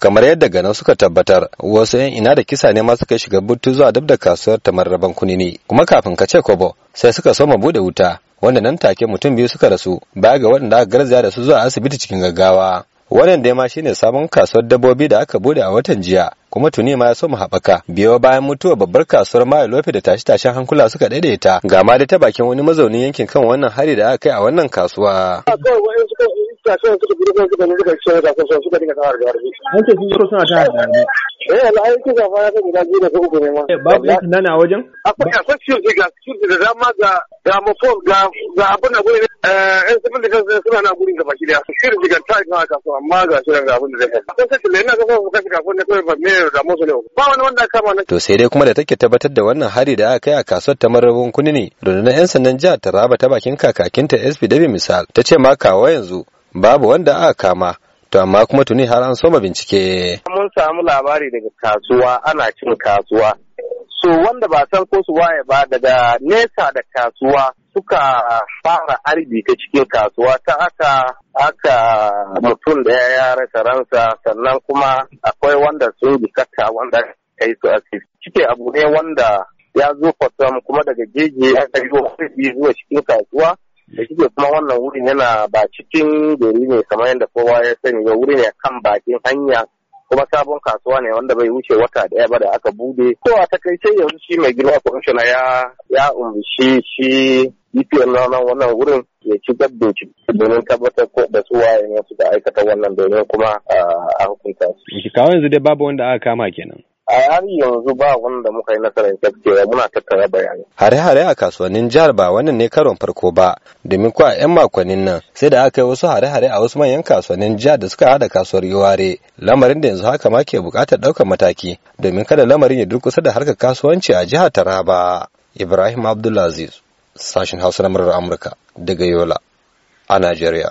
kamar yadda ganin suka tabbatar wasu yan ina da kisa ne ma suka shiga butu zuwa dab da kasuwar tamarraban ne kuma kafin ka ce kobo sai suka soma bude wuta wanda nan take mutum biyu suka rasu baya ga waɗanda aka garzaya da su zuwa asibiti cikin gaggawa wannan dai ma shine sabon kasuwar dabbobi da aka bude a watan jiya kuma tuni ma ya soma mu haɓaka biyo bayan mutuwar babbar kasuwar mai lofe da tashi tashen hankula suka daidaita ga ma da ta bakin wani mazaunin yankin kan wannan hari da aka kai a wannan kasuwa suka ne da suka da da ya eh, guda biyu ma eh, babu nan a wajen akwai akwai ga da eh, dama ta ga da zai sai da to sai dai kuma da take tabbatar da wannan hari da aka kai a kasuwar tamarabun kuni ne rundunar yan sandan jihar Taraba ta bakin kakakinta SPW misal ta ce ma kawo yanzu babu wanda aka kama to amma kuma tuni har an soma bincike. Mun samu labari daga kasuwa ana cin kasuwa. So wanda ba san ko su waye ba daga nesa da kasuwa suka fara arbi ta cikin kasuwa ta aka aka mutum da ya rasa ransa sannan kuma akwai wanda sun jikata wanda ta yi su Cike abu ne wanda ya zo kwatsam kuma daga jeji ya kai zuwa cikin kasuwa. da shi kuma wannan wurin yana ba cikin gari ne kamar yadda kowa ya sani ba wuri ne kan bakin hanya kuma sabon kasuwa ne wanda bai wuce wata daya ba da aka bude ko a takaice yanzu shi mai girma kwamishina ya ya shi DPN na wannan wurin ya ci gabbe domin tabbatar ko da su waye ne suka aikata wannan domin kuma ah, a hukunta su. Kawai yanzu dai babu wanda aka kama kenan. a har yanzu ba wanda muka yi nasarar kyafkewa muna tattara bayanai. Hare-hare a kasuwannin jihar ba wannan ne karon farko ba domin ko a 'yan makonnin nan sai da aka yi wasu hare-hare a wasu manyan kasuwannin jihar da suka hada kasuwar Yoware lamarin da yanzu haka ma ke bukatar ɗaukar mataki domin kada lamarin ya durkusa da harkar kasuwanci a jihar Taraba. Ibrahim Abdulaziz, sashen Hausa na Amurka daga Yola a Najeriya.